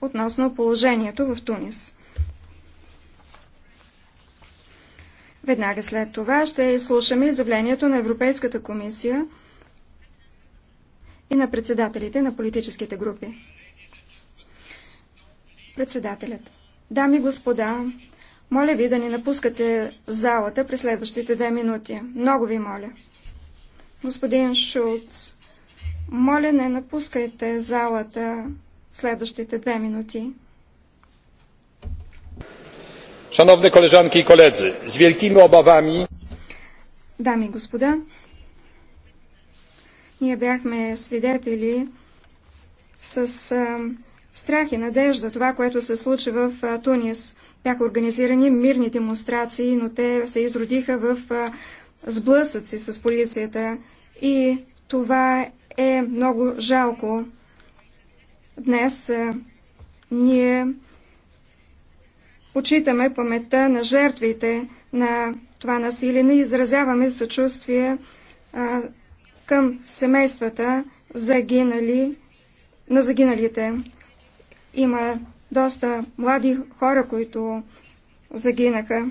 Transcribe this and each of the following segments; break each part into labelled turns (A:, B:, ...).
A: относно положението в Тунис. Веднага след това ще изслушаме изявлението на Европейската комисия и на председателите на политическите групи. Председателят. Дами и господа, моля ви да ни напускате залата през следващите две минути. Много ви моля. Господин Шулц, моля не напускайте залата следващите две минути.
B: Шановни колежанки и колеги, с великими обавами.
A: Дами и господа, ние бяхме свидетели с а, страх и надежда това, което се случи в а, Тунис. Бяха организирани мирни демонстрации, но те се изродиха в а, сблъсъци с полицията и това е много жалко. Днес ние Почитаме паметта на жертвите на това насилие и изразяваме съчувствие а, към семействата загинали, на загиналите. Има доста млади хора, които загинаха.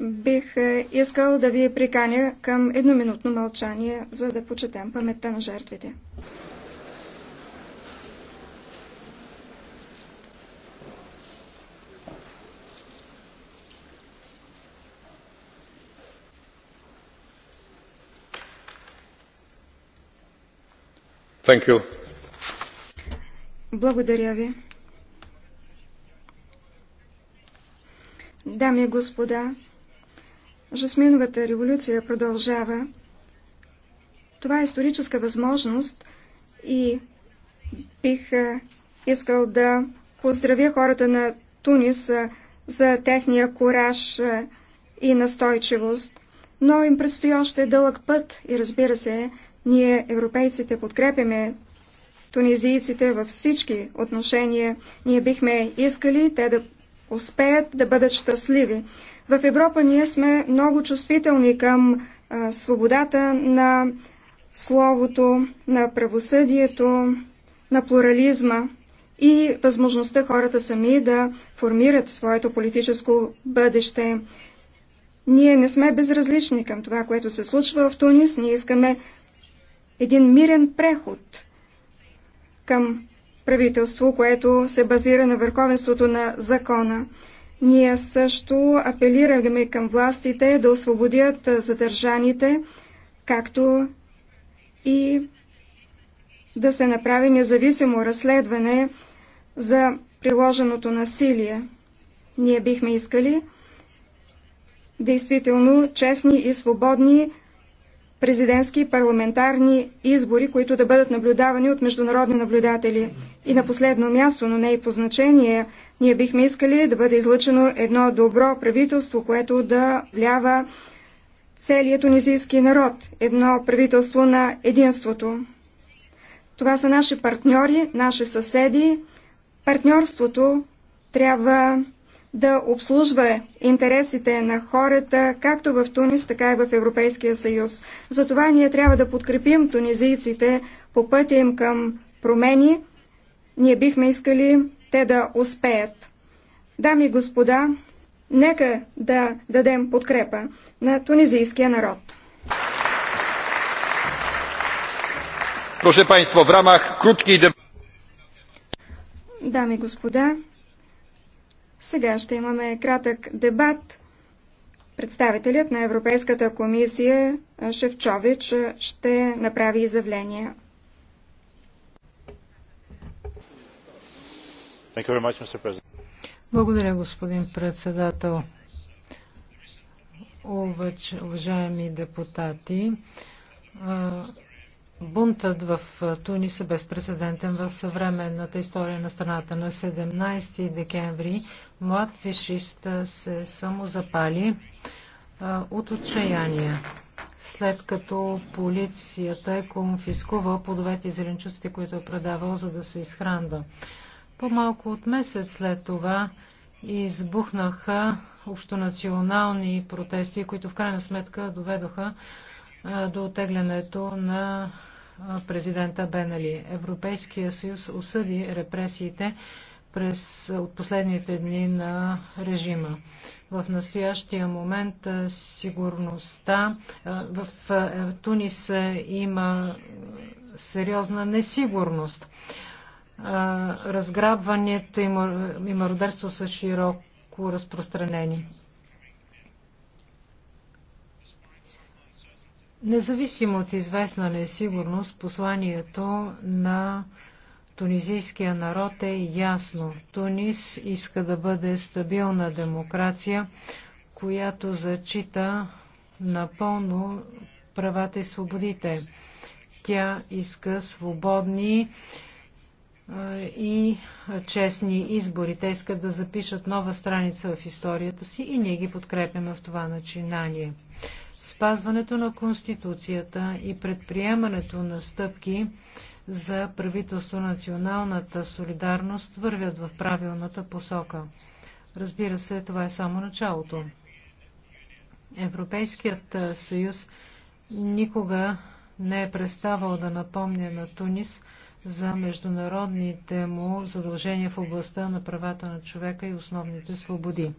A: бих е, искал да ви приканя към едноминутно мълчание, за да почетем паметта на жертвите. Thank you. Благодаря ви. Дами и господа, Жасминовата революция продължава. Това е историческа възможност и бих искал да поздравя хората на Тунис за техния кураж и настойчивост. Но им предстои още дълъг път и разбира се, ние, европейците, подкрепяме тунизийците във всички отношения. Ние бихме искали те да успеят да бъдат щастливи. В Европа ние сме много чувствителни към а, свободата на словото, на правосъдието, на плурализма и възможността хората сами да формират своето политическо бъдеще. Ние не сме безразлични към това, което се случва в Тунис. Ние искаме един мирен преход към правителство, което се базира на върховенството на закона. Ние също апелираме към властите да освободят задържаните, както и да се направи независимо разследване за приложеното насилие. Ние бихме искали действително честни и свободни президентски и парламентарни избори, които да бъдат наблюдавани от международни наблюдатели. И на последно място, но не и по значение, ние бихме искали да бъде излъчено едно добро правителство, което да влява целият тунизийски народ, едно правителство на единството. Това са наши партньори, наши съседи. Партньорството трябва да обслужва интересите на хората, както в Тунис, така и в Европейския съюз. Затова ние трябва да подкрепим тунизийците по пътя им към промени. Ние бихме искали те да успеят. Дами и господа, нека да дадем подкрепа на тунизийския народ. Proszę Państwa, w ramach krótkiej debaty... Сега ще имаме кратък дебат. Представителят на Европейската комисия Шевчович ще направи изявление.
C: Благодаря, господин председател. уважаеми депутати, Бунтът в Тунис е безпредседентен в съвременната история на страната. На 17 декември млад фишист се самозапали от отчаяние, след като полицията е конфискувала плодовете и зеленчуците, които е предавал, за да се изхранва. По-малко от месец след това избухнаха общонационални протести, които в крайна сметка доведоха до отеглянето на президента Бенали. Европейския съюз осъди репресиите през от последните дни на режима. В настоящия момент сигурността в Тунис има сериозна несигурност. Разграбването и мародерство са широко разпространени. Независимо от известна несигурност, посланието на тунизийския народ е ясно. Тунис иска да бъде стабилна демокрация, която зачита напълно правата и свободите. Тя иска свободни и честни избори. Те искат да запишат нова страница в историята си и ние ги подкрепяме в това начинание спазването на Конституцията и предприемането на стъпки за правителство на националната солидарност вървят в правилната посока. Разбира се, това е само началото. Европейският съюз никога не е преставал да напомня на Тунис за международните му задължения в областта на правата на човека и основните свободи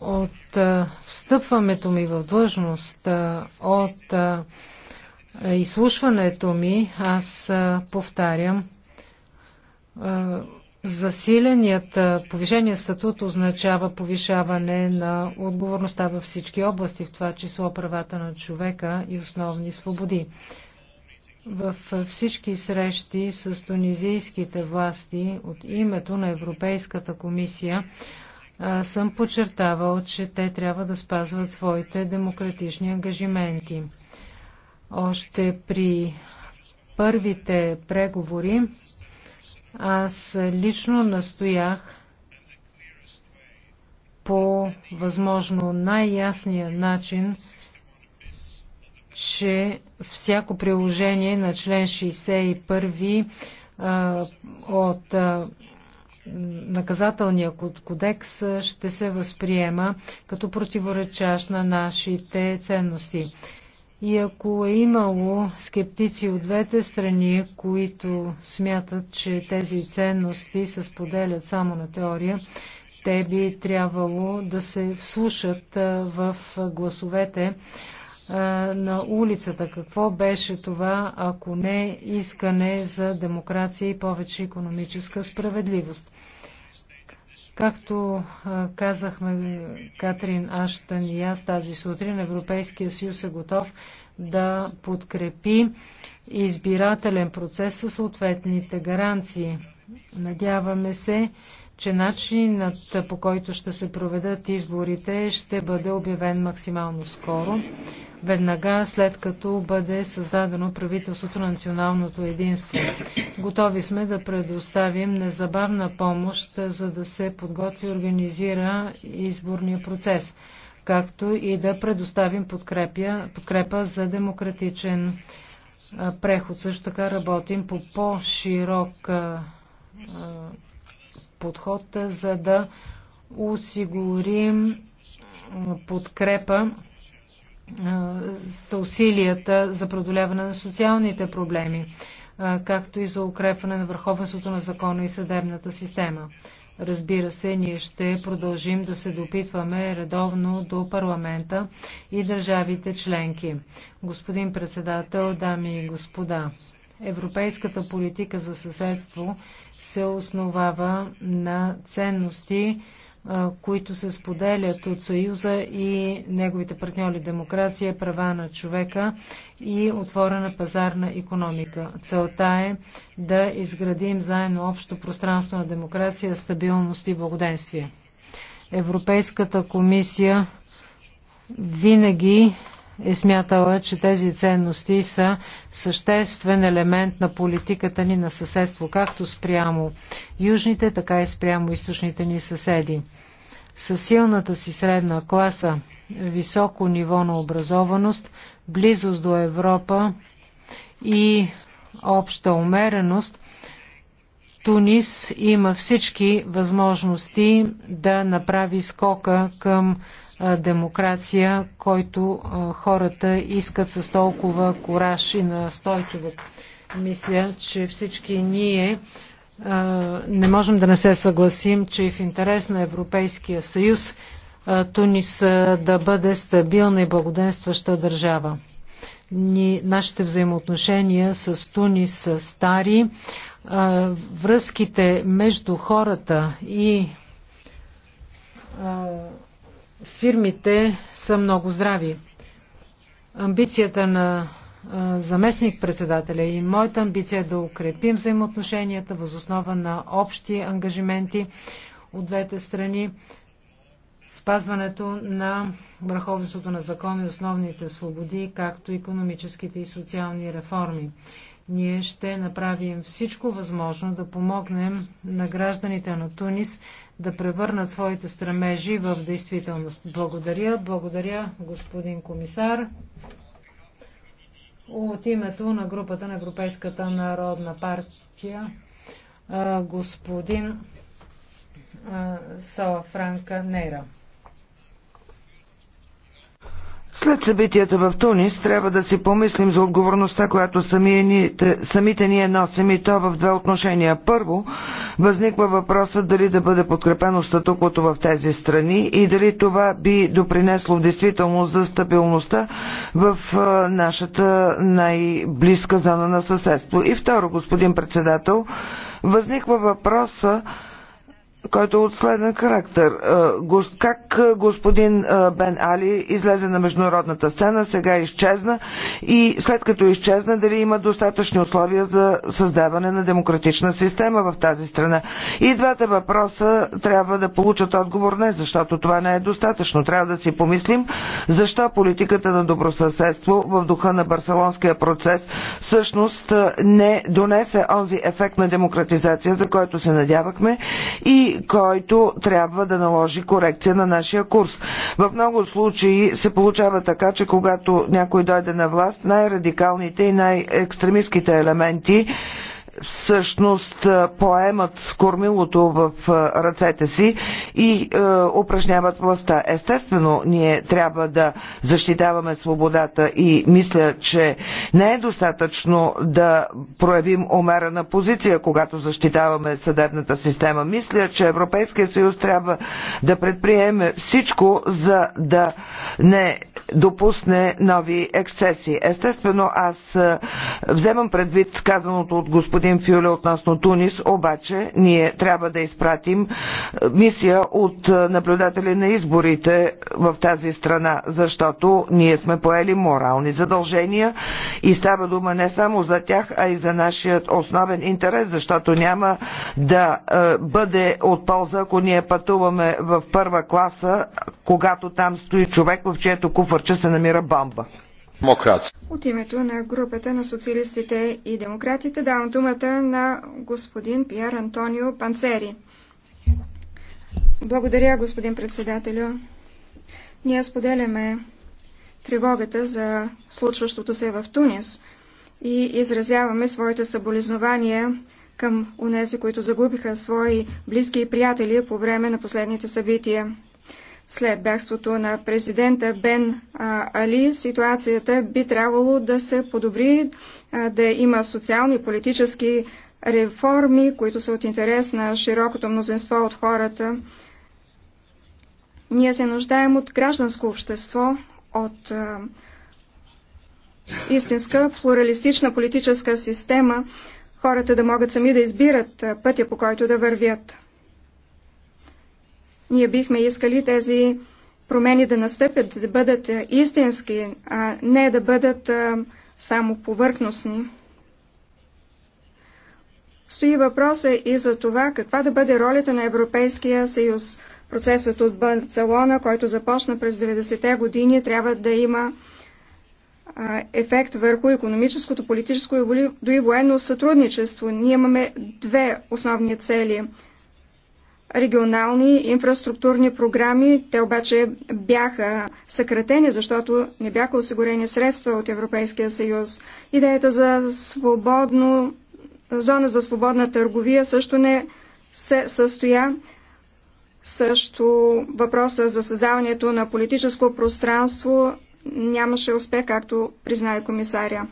C: от встъпването ми в длъжност, от изслушването ми, аз повтарям, засиленият повишение статут означава повишаване на отговорността във всички области, в това число правата на човека и основни свободи. В всички срещи с тунизийските власти от името на Европейската комисия съм подчертавал, че те трябва да спазват своите демократични ангажименти. Още при първите преговори аз лично настоях по възможно най-ясния начин, че всяко приложение на член 61 от наказателния кодекс ще се възприема като противоречащ на нашите ценности. И ако е имало скептици от двете страни, които смятат, че тези ценности се споделят само на теория, те би трябвало да се вслушат в гласовете на улицата. Какво беше това, ако не искане за демокрация и повече економическа справедливост? Както казахме Катрин Аштан и аз тази сутрин, Европейския съюз е готов да подкрепи избирателен процес със съответните гаранции. Надяваме се, че начинът по който ще се проведат изборите ще бъде обявен максимално скоро, веднага след като бъде създадено правителството на националното единство. Готови сме да предоставим незабавна помощ, за да се подготви и организира изборния процес, както и да предоставим подкрепя, подкрепа за демократичен преход. Също така работим по по-широк подход, за да осигурим подкрепа за усилията за преодоляване на социалните проблеми, както и за укрепване на върховенството на закона и съдебната система. Разбира се, ние ще продължим да се допитваме редовно до парламента и държавите членки. Господин председател, дами и господа, европейската политика за съседство се основава на ценности, които се споделят от Съюза и неговите партньори демокрация, права на човека и отворена пазарна економика. Целта е да изградим заедно общо пространство на демокрация, стабилност и благоденствие. Европейската комисия винаги е смятала, че тези ценности са съществен елемент на политиката ни на съседство, както спрямо южните, така и спрямо източните ни съседи. Със силната си средна класа, високо ниво на образованост, близост до Европа и обща умереност, Тунис има всички възможности да направи скока към демокрация, който хората искат с толкова кораж и настойчивост. Мисля, че всички ние не можем да не се съгласим, че в интерес на Европейския съюз Тунис да бъде стабилна и благоденстваща държава. Ни, нашите взаимоотношения с Тунис са стари. връзките между хората и фирмите са много здрави. Амбицията на заместник-председателя и моята амбиция е да укрепим взаимоотношенията възоснова на общи ангажименти от двете страни, спазването на върховенството на закон и основните свободи, както економическите и социални реформи. Ние ще направим всичко възможно да помогнем на гражданите на Тунис да превърнат своите стремежи в действителност. Благодаря, благодаря, господин комисар. От името на групата на Европейската народна партия, господин Сала Франка Нейра.
B: След събитията в Тунис трябва да си помислим за отговорността, която самите, самите ние носим и то в две отношения. Първо, възниква въпроса дали да бъде подкрепено статуквото в тези страни и дали това би допринесло действително за стабилността в нашата най-близка зона на съседство. И второ, господин председател, възниква въпроса който е от следен характер. Е, как е, господин е, Бен Али излезе на международната сцена, сега изчезна и след като изчезна, дали има достатъчни условия за създаване на демократична система в тази страна? И двата въпроса трябва да получат отговор не, защото това не е достатъчно. Трябва да си помислим защо политиката на добросъседство в духа на барселонския процес всъщност не донесе онзи ефект на демократизация, за който се надявахме и който трябва да наложи корекция на нашия курс. В много случаи се получава така, че когато някой дойде на власт, най-радикалните и най-екстремистските елементи всъщност поемат кормилото в ръцете си и е, упражняват властта. Естествено, ние трябва да защитаваме свободата и мисля, че не е достатъчно да проявим умерена позиция, когато защитаваме съдебната система. Мисля, че Европейския съюз трябва да предприеме всичко, за да не допусне нови ексцеси. Естествено, аз е, вземам предвид казаното от господин Фюле относно Тунис, обаче ние трябва да изпратим е, мисия от е, наблюдатели на изборите в тази страна, защото ние сме поели морални задължения и става дума не само за тях, а и за нашият основен интерес, защото няма да е, бъде от полза, ако ние пътуваме в първа класа, когато там стои човек, в чието куфърче се намира бомба. Демократ.
A: От името на групата на социалистите и демократите давам думата на господин Пьер Антонио Панцери. Благодаря, господин председателю. Ние споделяме тревогата за случващото се в Тунис и изразяваме своите съболезнования към унези, които загубиха свои близки и приятели по време на последните събития. След бягството на президента Бен Али ситуацията би трябвало да се подобри, да има социални и политически реформи, които са от интерес на широкото мнозинство от хората. Ние се нуждаем от гражданско общество, от а, истинска плуралистична политическа система, хората да могат сами да избират пътя, по който да вървят. Ние бихме искали тези промени да настъпят, да бъдат истински, а не да бъдат а, само повърхностни стои въпроса и за това каква да бъде ролята на Европейския съюз. Процесът от Барселона, който започна през 90-те години, трябва да има ефект върху економическото, политическо и дори военно сътрудничество. Ние имаме две основни цели. Регионални инфраструктурни програми, те обаче бяха съкратени, защото не бяха осигурени средства от Европейския съюз. Идеята за свободно зона за свободна търговия също не се състоя. Също въпроса за създаването на политическо пространство нямаше успех, както признае комисаря.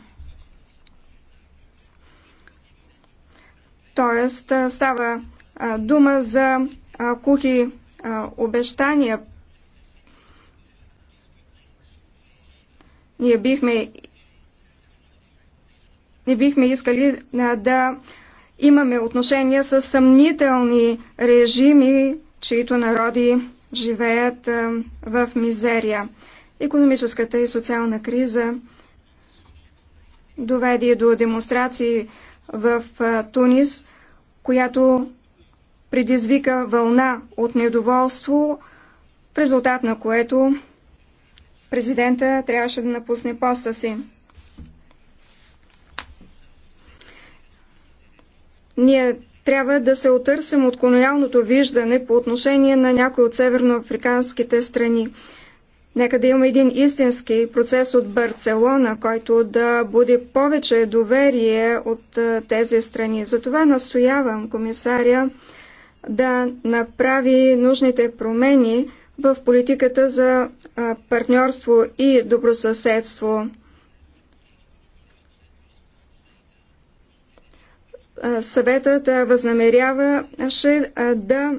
A: Тоест, става дума за кухи обещания. Ние бихме не бихме искали да имаме отношения с съмнителни режими, чието народи живеят в мизерия. Економическата и социална криза доведе до демонстрации в Тунис, която предизвика вълна от недоволство, в резултат на което президента трябваше да напусне поста си. Ние трябва да се отърсим от колониалното виждане по отношение на някои от северноафриканските страни. Нека да има един истински процес от Барселона, който да буди повече доверие от тези страни. Затова настоявам комисаря да направи нужните промени в политиката за партньорство и добросъседство. съветът възнамеряваше да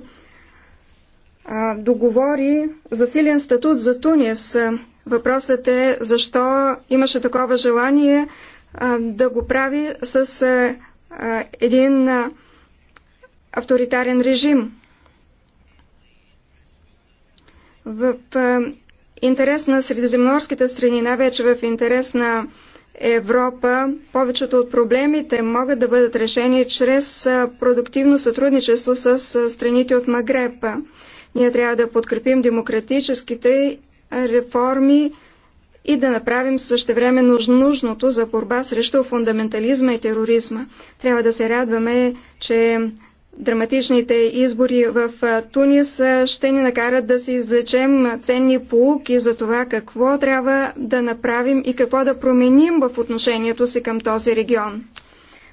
A: договори засилен статут за Тунис. Въпросът е защо имаше такова желание да го прави с един авторитарен режим. В интерес на средиземноморските страни, най-вече в интерес на Европа, повечето от проблемите могат да бъдат решени чрез продуктивно сътрудничество с страните от Магрепа. Ние трябва да подкрепим демократическите реформи и да направим също време нужното за борба срещу фундаментализма и тероризма. Трябва да се радваме, че Драматичните избори в Тунис ще ни накарат да се извлечем ценни полуки за това какво трябва да направим и какво да променим в отношението си към този регион.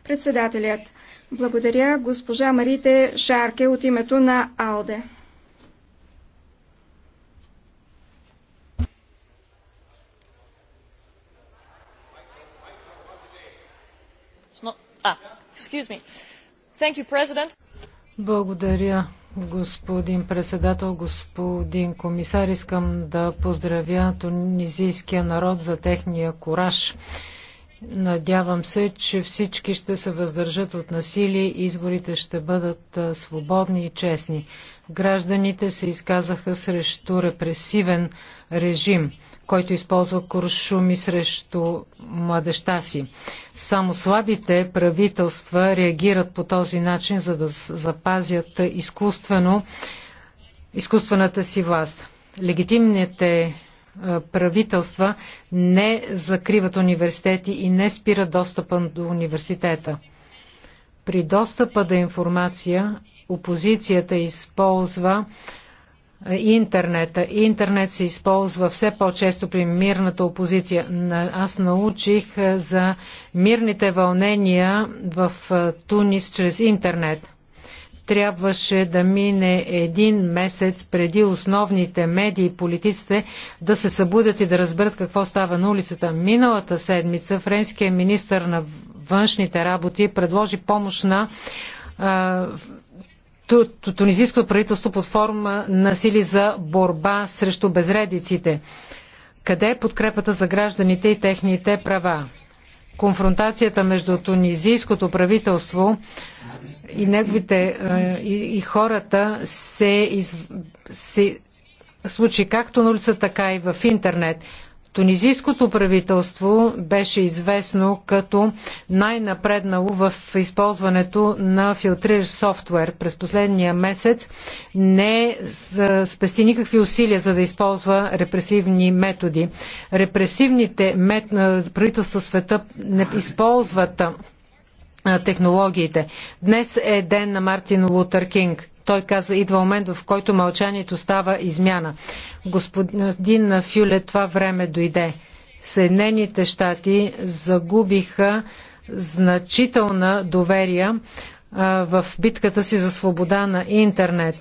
A: Председателят. Благодаря госпожа Марите Шарке от името на АЛДЕ. Ah, excuse me. Thank you, President.
C: Благодаря, господин председател, господин комисар. Искам да поздравя тунизийския народ за техния кураж Надявам се, че всички ще се въздържат от насилие и изборите ще бъдат свободни и честни. Гражданите се изказаха срещу репресивен режим, който използва куршуми срещу младеща си. Само слабите правителства реагират по този начин, за да запазят изкуствено изкуствената си власт. Легитимните правителства не закриват университети и не спират достъпа до университета. При достъпа до информация опозицията използва интернета. Интернет се използва все по-често при мирната опозиция. Аз научих за мирните вълнения в Тунис чрез интернет трябваше да мине един месец преди основните медии и политиците да се събудят и да разберат какво става на улицата. Миналата седмица френският министр на външните работи предложи помощ на тунизийското правителство под форма на сили за борба срещу безредиците. Къде е подкрепата за гражданите и техните права? Конфронтацията между тунизийското правителство и неговите и, и хората се, из, се случи както на улица, така и в интернет. Тунизийското правителство беше известно като най-напреднало в използването на филтриращ софтуер. През последния месец не спести никакви усилия за да използва репресивни методи. Репресивните мет... правителства света не използват технологиите. Днес е ден на Мартин Лутър Кинг. Той каза, идва момент, в който мълчанието става измяна. Господин Фюле, това време дойде. Съединените щати загубиха значителна доверие в битката си за свобода на интернет.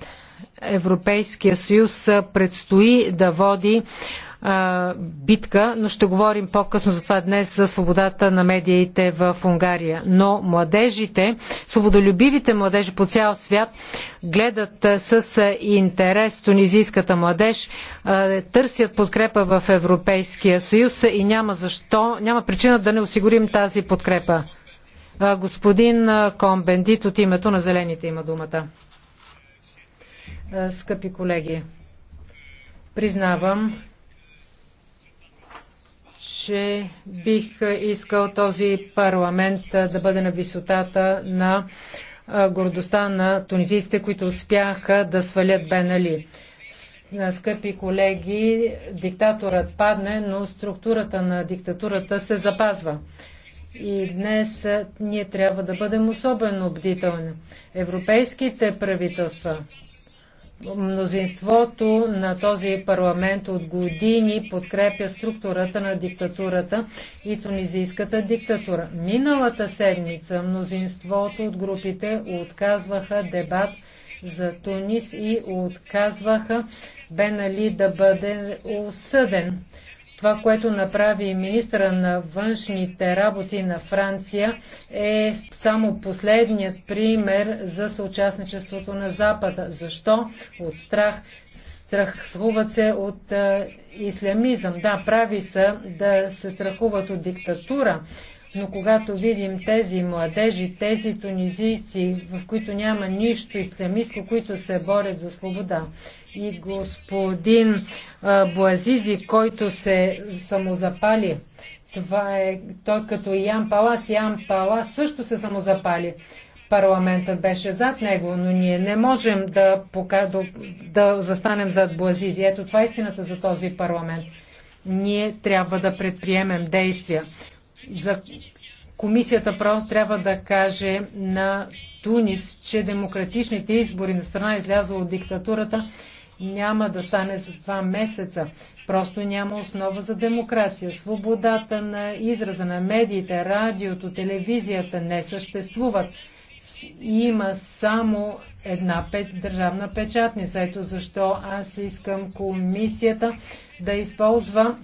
C: Европейския съюз предстои да води битка, но ще говорим по-късно за това днес за свободата на медиите в Унгария. Но младежите, свободолюбивите младежи по цял свят гледат с интерес тунизийската младеж, търсят подкрепа в Европейския съюз и няма защо, няма причина да не осигурим тази подкрепа. Господин Комбендит от името на Зелените има думата. Скъпи колеги, признавам, че бих искал този парламент да бъде на висотата на гордостта на тунизийците, които успяха да свалят Бен Али. Скъпи колеги, диктаторът падне, но структурата на диктатурата се запазва. И днес ние трябва да бъдем особено бдителни. Европейските правителства, Мнозинството на този парламент от години подкрепя структурата на диктатурата и тунизийската диктатура. Миналата седмица мнозинството от групите отказваха дебат за Тунис и отказваха Бенали да бъде осъден. Това, което направи министра на външните работи на Франция е само последният пример за съучастничеството на Запада. Защо? От страх. Страхуват се от а, ислямизъм. Да, прави са да се страхуват от диктатура, но когато видим тези младежи, тези тунизийци, в които няма нищо ислямистко, които се борят за свобода, и господин Блазизи, който се самозапали. Това е той като Ян Палас. Ян Палас също се самозапали. Парламентът беше зад него, но ние не можем да, пока, да, да застанем зад Блазизи. Ето това е истината за този парламент. Ние трябва да предприемем действия. За комисията просто трябва да каже на Тунис, че демократичните избори на страна излязла от диктатурата няма да стане за два месеца. Просто няма основа за демокрация. Свободата на израза на медиите, радиото, телевизията не съществуват. Има само една пет, държавна печатница. Ето защо аз искам комисията да използва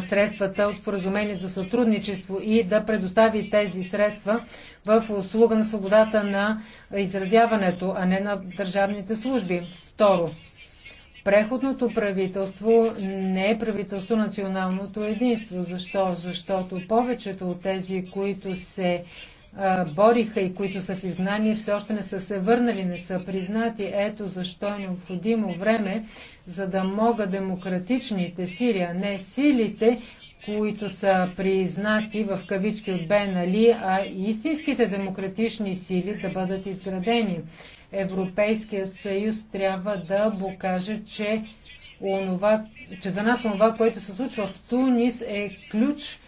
C: средствата от споразумение за сътрудничество и да предостави тези средства в услуга на свободата на изразяването, а не на държавните служби. Второ, преходното правителство не е правителство националното единство. Защо? Защото повечето от тези, които се бориха и които са в изгнание, все още не са се върнали, не са признати. Ето защо е необходимо време, за да могат демократичните сили, а не силите, които са признати в кавички от Бен Али, а истинските демократични сили да бъдат изградени. Европейският съюз трябва да покаже, че, онова, че за нас онова, което се случва в Тунис е ключ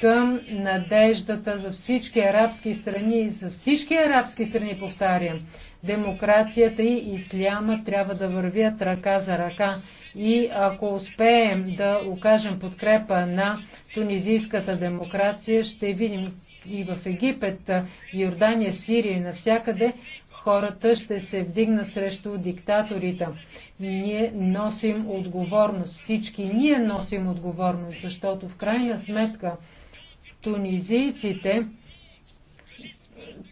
C: към надеждата за всички арабски страни и за всички арабски страни, повтарям. Демокрацията и исляма трябва да вървят ръка за ръка. И ако успеем да окажем подкрепа на тунизийската демокрация, ще видим и в Египет, Йордания, Сирия и навсякъде хората ще се вдигнат срещу диктаторите. Ние носим отговорност. Всички ние носим отговорност, защото в крайна сметка тунизийците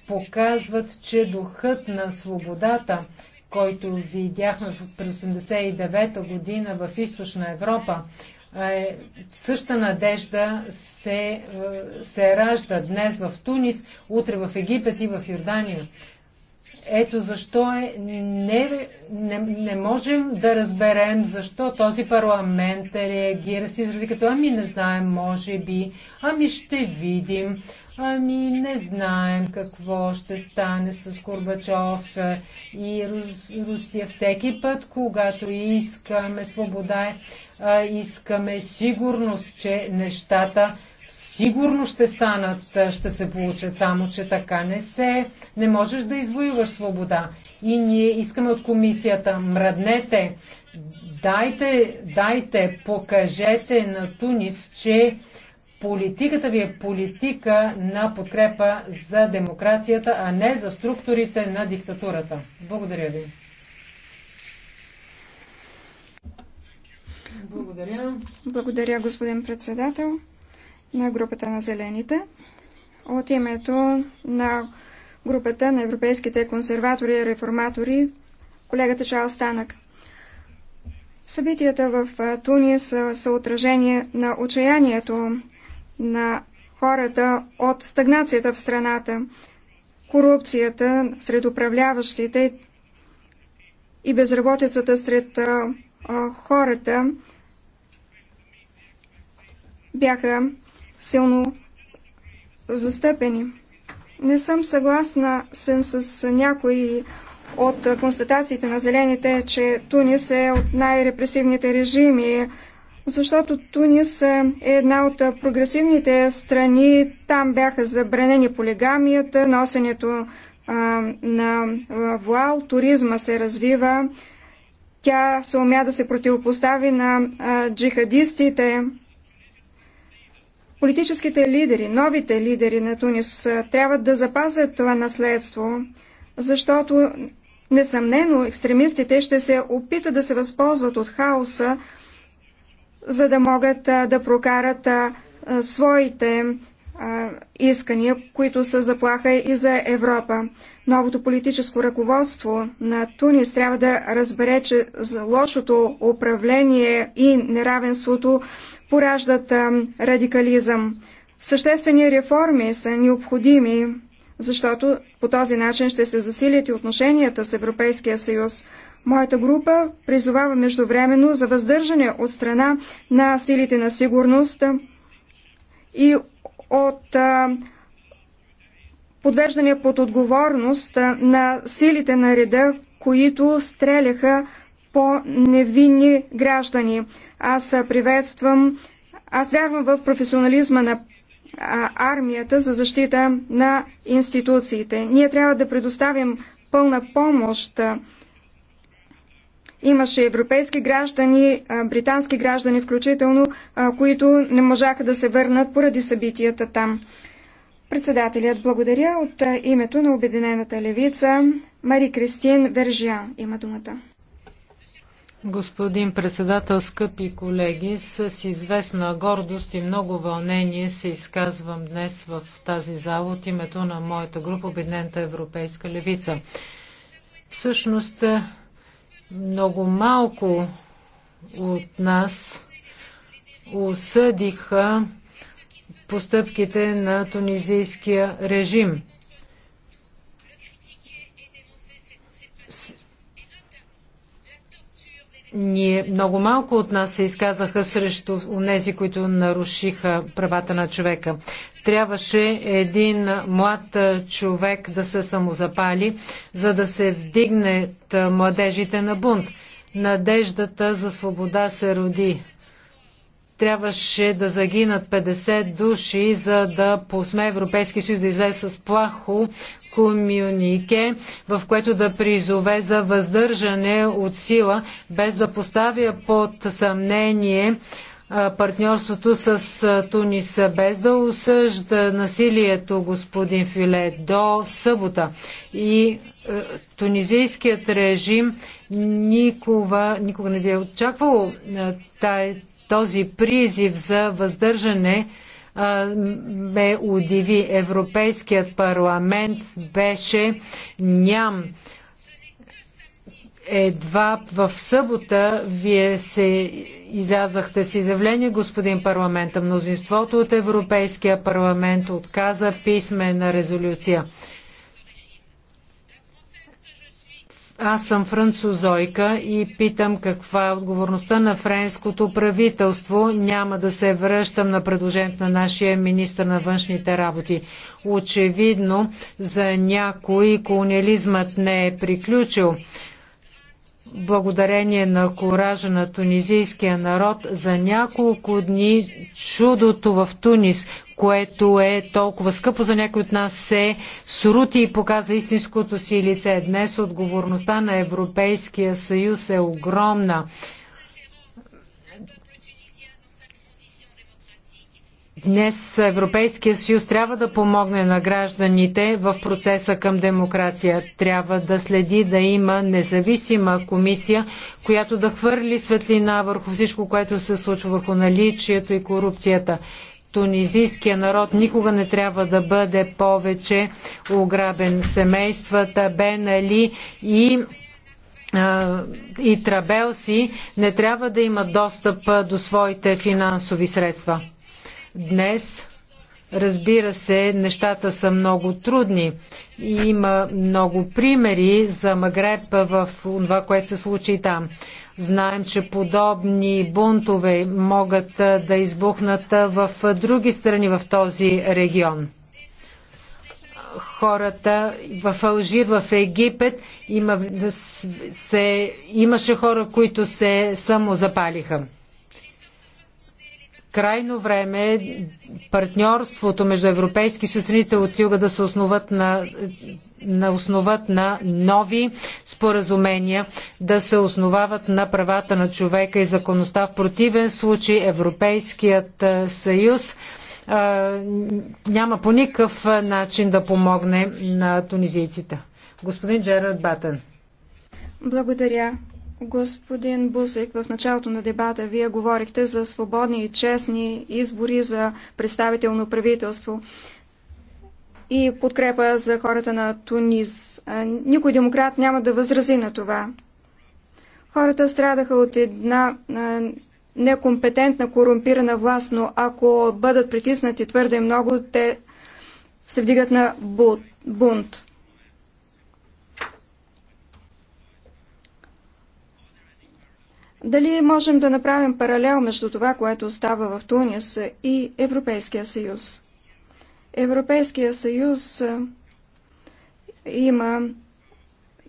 C: показват, че духът на свободата, който видяхме през 1989 година в източна Европа, е, същата надежда се, е, се ражда днес в Тунис, утре в Египет и в Йордания. Ето защо е, не, не, не можем да разберем защо този парламент реагира с изрази като ами не знаем, може би, ами ще видим, Ами не знаем какво ще стане с Курбачов и Русия. Всеки път, когато искаме свобода, искаме сигурност, че нещата сигурно ще станат, ще се получат, само че така не се, не можеш да извоюваш свобода. И ние искаме от комисията, мръднете, дайте, дайте, покажете на Тунис, че политиката ви е политика на подкрепа за демокрацията, а не за структурите на диктатурата. Благодаря ви. Благодаря.
A: Благодаря, господин председател на групата на зелените. От името на групата на европейските консерватори и реформатори, колегата Чао Станък. Събитията в Тунис са, са отражение на отчаянието на хората от стагнацията в страната, корупцията сред управляващите и безработицата сред а, а, хората бяха силно застъпени. Не съм съгласна съм с някои от констатациите на зелените, че Тунис е от най-репресивните режими защото Тунис е, е една от е, прогресивните страни. Там бяха забранени полигамията, носенето е, на вуал, туризма се развива. Тя се умя да се противопостави на джихадистите. Политическите лидери, новите лидери на Тунис трябва да запазят това наследство, защото несъмнено екстремистите ще се опитат да се възползват от хаоса, за да могат да прокарат своите искания, които са заплаха и за Европа. Новото политическо ръководство на Тунис трябва да разбере, че за лошото управление и неравенството пораждат радикализъм. Съществени реформи са необходими, защото по този начин ще се засилят и отношенията с Европейския съюз. Моята група призовава междувременно за въздържане от страна на силите на сигурност и от подвеждане под отговорност на силите на реда, които стреляха по невинни граждани. Аз приветствам, аз вярвам в професионализма на армията за защита на институциите. Ние трябва да предоставим пълна помощ Имаше европейски граждани, британски граждани включително, които не можаха да се върнат поради събитията там. Председателят благодаря от името на Обединената левица Мари Кристин Вержия има думата.
C: Господин председател, скъпи колеги, с известна гордост и много вълнение се изказвам днес в тази зала от името на моята група Обединената европейска левица. Всъщност, много малко от нас осъдиха постъпките на тунизийския режим. Ние, много малко от нас се изказаха срещу тези, които нарушиха правата на човека. Трябваше един млад човек да се самозапали, за да се вдигнат младежите на бунт. Надеждата за свобода се роди. Трябваше да загинат 50 души, за да посме Европейски съюз да излезе с плахо комюнике, в което да призове за въздържане от сила, без да поставя под съмнение партньорството с Тунис, без да осъжда насилието, господин Филе, до събота. И тунизийският режим никога, никога не би е очаквал този призив за въздържане ме удиви. Европейският парламент беше ням едва в събота вие се излязахте с изявление, господин парламента. Мнозинството от Европейския парламент отказа писмена резолюция. Аз съм французойка и питам каква е отговорността на френското правителство. Няма да се връщам на предложението на нашия министр на външните работи. Очевидно, за някои колониализмът не е приключил благодарение на коража на тунизийския народ, за няколко дни чудото в Тунис, което е толкова скъпо за някой от нас, се срути и показа истинското си лице. Днес отговорността на Европейския съюз е огромна. Днес Европейския съюз трябва да помогне на гражданите в процеса към демокрация. Трябва да следи да има независима комисия, която да хвърли светлина върху всичко, което се случва, върху наличието и корупцията. Тунизийския народ никога не трябва да бъде повече ограбен. Семействата Бен Али и и трабелси не трябва да имат достъп до своите финансови средства. Днес, разбира се, нещата са много трудни. Има много примери за Магреб в това, което се случи там. Знаем, че подобни бунтове могат да избухнат в други страни в този регион хората в Алжир, в Египет има, се, имаше хора, които се самозапалиха крайно време партньорството между Европейски съюз от юга да се основат на, на основат на нови споразумения, да се основават на правата на човека и законността. В противен случай Европейският съюз а, няма по никакъв начин да помогне на тунизийците. Господин Джерард Батен.
A: Благодаря. Господин Бусек, в началото на дебата вие говорихте за свободни и честни избори за представително правителство и подкрепа за хората на Тунис. Никой демократ няма да възрази на това. Хората страдаха от една некомпетентна, корумпирана власт, но ако бъдат притиснати твърде много, те се вдигат на бунт. Дали можем да направим паралел между това, което става в Тунис и Европейския съюз? Европейския съюз има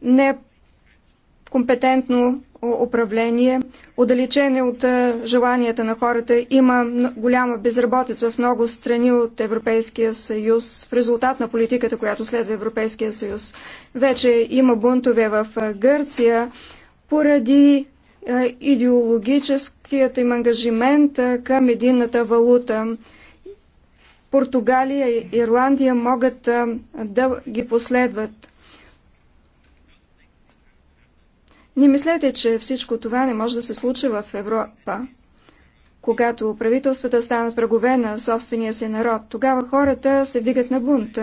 A: некомпетентно управление, отдалечение от желанията на хората. Има голяма безработица в много страни от Европейския съюз в резултат на политиката, която следва Европейския съюз. Вече има бунтове в Гърция поради е, идеологическият им ангажимент е, към единната валута. Португалия и Ирландия могат е, да ги последват. Не мислете, че всичко това не може да се случи в Европа когато правителствата станат врагове на собствения си народ. Тогава хората се вдигат на бунт.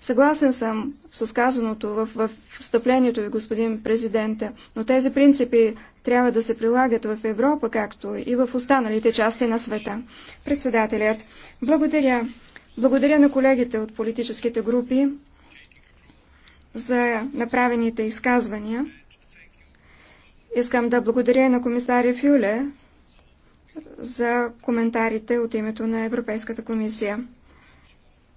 A: Съгласен съм с казаното в, в встъплението ви, господин президента, но тези принципи трябва да се прилагат в Европа, както и в останалите части на света. Председателят, благодаря. Благодаря на колегите от политическите групи за направените изказвания. Искам да благодаря на комисаря Фюле за коментарите от името на Европейската комисия.